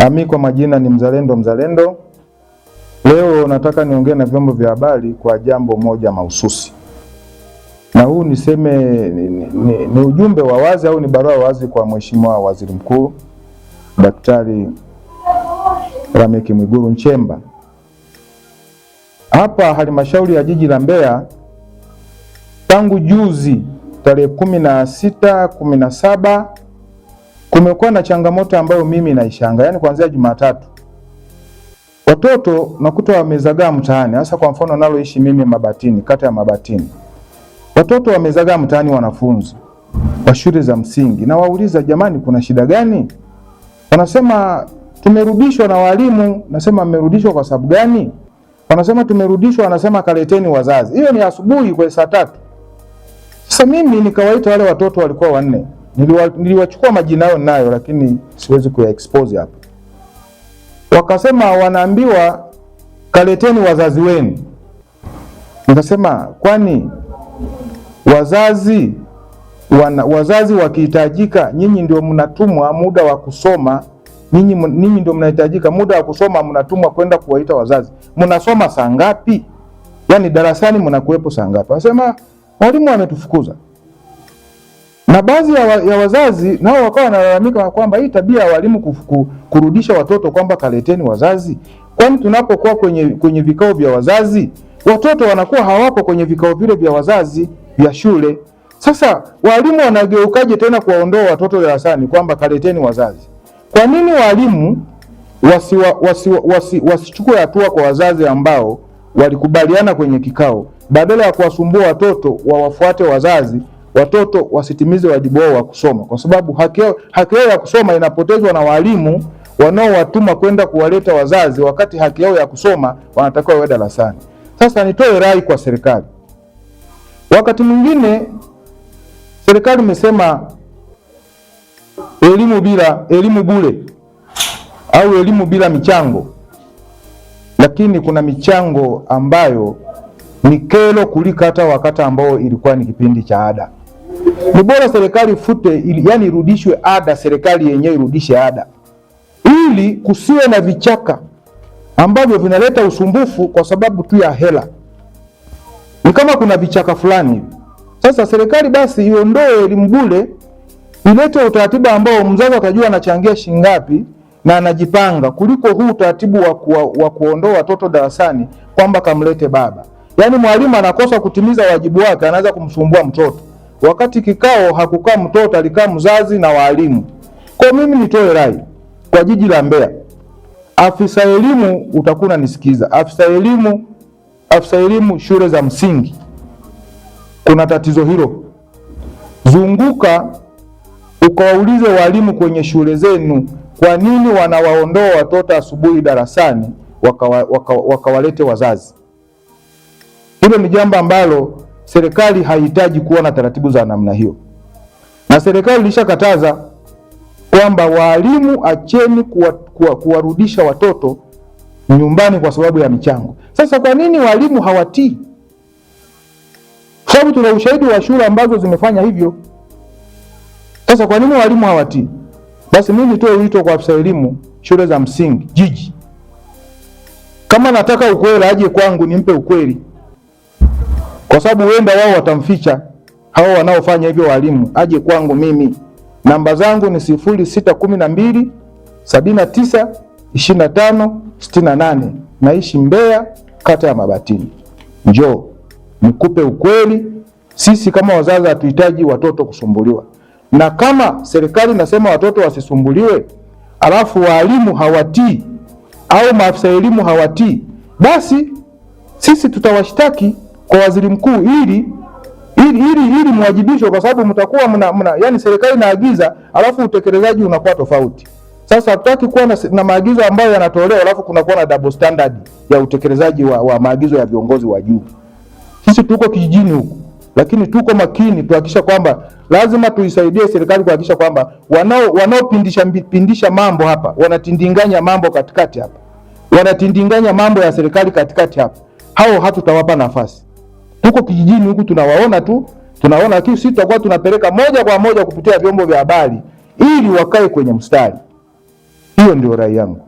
Ami kwa majina ni Mzalendo Mzalendo. Leo nataka niongee na vyombo vya habari kwa jambo moja mahususi, na huu niseme ni, ni, ni ujumbe wa wazi au ni barua wazi kwa Mheshimiwa Waziri Mkuu Daktari rameki mwiguru Nchemba. Hapa halmashauri ya jiji la Mbeya tangu juzi tarehe kumi na sita kumi na saba kumekuwa na changamoto ambayo mimi naishanga, yani kuanzia Jumatatu watoto nakuta wamezagaa mtaani, hasa kwa mfano naloishi mimi Mabatini, kata ya Mabatini, watoto wamezagaa mtaani, wanafunzi wa shule za msingi. Na wauliza jamani, kuna shida gani? Wanasema tumerudishwa na walimu. Nasema mmerudishwa kwa sababu gani? Wanasema tumerudishwa, wanasema kaleteni wazazi. Hiyo ni asubuhi kwa saa tatu. Sasa mimi nikawaita wale watoto, walikuwa wanne niliwachukua majina yao nayo, lakini siwezi expose hapa. Wakasema wanaambiwa kaleteni wazazi wenu. Nikasema kwani wazazi wana, wazazi wakihitajika, nyinyi ndio mnatumwa muda wa kusoma nyinyi, nyinyi ndio mnahitajika muda wa kusoma, mnatumwa kwenda kuwaita wazazi. Mnasoma saa ngapi? Yaani darasani mnakuwepo saa ngapi? Wasema mwalimu ametufukuza na baadhi ya, wa, ya wazazi nao wakawa wanalalamika kwamba hii tabia ya walimu kufuku, kurudisha watoto kwamba kaleteni wazazi, kwani tunapokuwa kwenye, kwenye vikao vya wazazi watoto wanakuwa hawapo kwenye vikao vile vya wazazi vya shule. Sasa walimu wanageukaje tena kuwaondoa watoto darasani kwamba kaleteni wazazi? Kwa nini walimu wasichukue wasi, wasi, wasi hatua kwa wazazi ambao walikubaliana kwenye kikao, badala ya kuwasumbua watoto wawafuate wazazi watoto wasitimize wajibu wao wa kusoma, kwa sababu haki yao ya kusoma inapotezwa na walimu wanaowatuma kwenda kuwaleta wazazi, wakati haki yao ya kusoma wanatakiwa wawe darasani. Sasa nitoe rai kwa serikali. Wakati mwingine serikali imesema elimu bila elimu bure au elimu bila michango, lakini kuna michango ambayo ni kero kulika hata wakati ambao ilikuwa ni kipindi cha ada. Ni bora serikali ifute, yani irudishwe ada, serikali yenyewe irudishe ada, ili kusiwe na vichaka ambavyo vinaleta usumbufu kwa sababu tu ya hela. Ni kama kuna vichaka fulani sasa, serikali basi iondoe elimu bure, ilete utaratibu ambao mzazi atajua anachangia shilingi ngapi na anajipanga, kuliko huu utaratibu wa, ku, wa kuondoa watoto darasani kwamba kamlete baba. Yaani mwalimu anakosa kutimiza wajibu wake, anaweza kumsumbua mtoto. Wakati kikao hakukaa mtoto, alikaa mzazi na waalimu. Kwa mimi nitoe rai kwa jiji la Mbeya, afisa elimu utakuna nisikiza, afisa elimu, afisa elimu shule za msingi, kuna tatizo hilo. Zunguka ukawaulize walimu kwenye shule zenu, kwa nini wanawaondoa watoto asubuhi darasani wakawalete waka, waka wazazi. Hilo ni jambo ambalo serikali haihitaji kuwa na taratibu za namna hiyo, na serikali ilishakataza kwamba walimu, acheni kuwarudisha kuwa, kuwa watoto nyumbani kwa sababu ya michango. Sasa kwa nini walimu hawatii? sababu tuna ushahidi wa shule ambazo zimefanya hivyo. Sasa kwa nini walimu hawatii? Basi mimi nitoe wito kwa afisa elimu shule za msingi jiji, kama nataka ukweli aje kwangu nimpe ukweli kwa sababu huenda wao watamficha hao wanaofanya hivyo walimu. Aje kwangu mimi, namba zangu ni sifuri sita kumi na mbili sabini na tisa ishirini na tano sitini na nane. Naishi Mbeya, kata ya Mabatini. Njoo nikupe ukweli. Sisi kama wazazi hatuhitaji watoto kusumbuliwa, na kama serikali inasema watoto wasisumbuliwe, alafu waalimu hawatii au maafisa elimu hawatii, basi sisi tutawashtaki kwa waziri mkuu ili ili ili, ili mwajibishwe, kwa sababu mtakuwa mna, mna yani serikali inaagiza alafu utekelezaji unakuwa tofauti. Sasa hatutaki kuwa na, na maagizo ambayo yanatolewa alafu kunakuwa na double standard ya utekelezaji wa, wa maagizo ya viongozi wa juu. Sisi tuko kijijini huku, lakini tuko makini tuhakikisha kwamba lazima tuisaidie serikali kuhakikisha kwamba wanao wanaopindisha pindisha mambo hapa wanatindinganya mambo katikati hapa wanatindinganya mambo ya serikali katikati hapa, hao hatutawapa nafasi. Tuko kijijini huku tunawaona tu, tunaona lakini sisi tutakuwa tunapeleka moja kwa moja kupitia vyombo vya habari ili wakae kwenye mstari. Hiyo ndio rai yangu.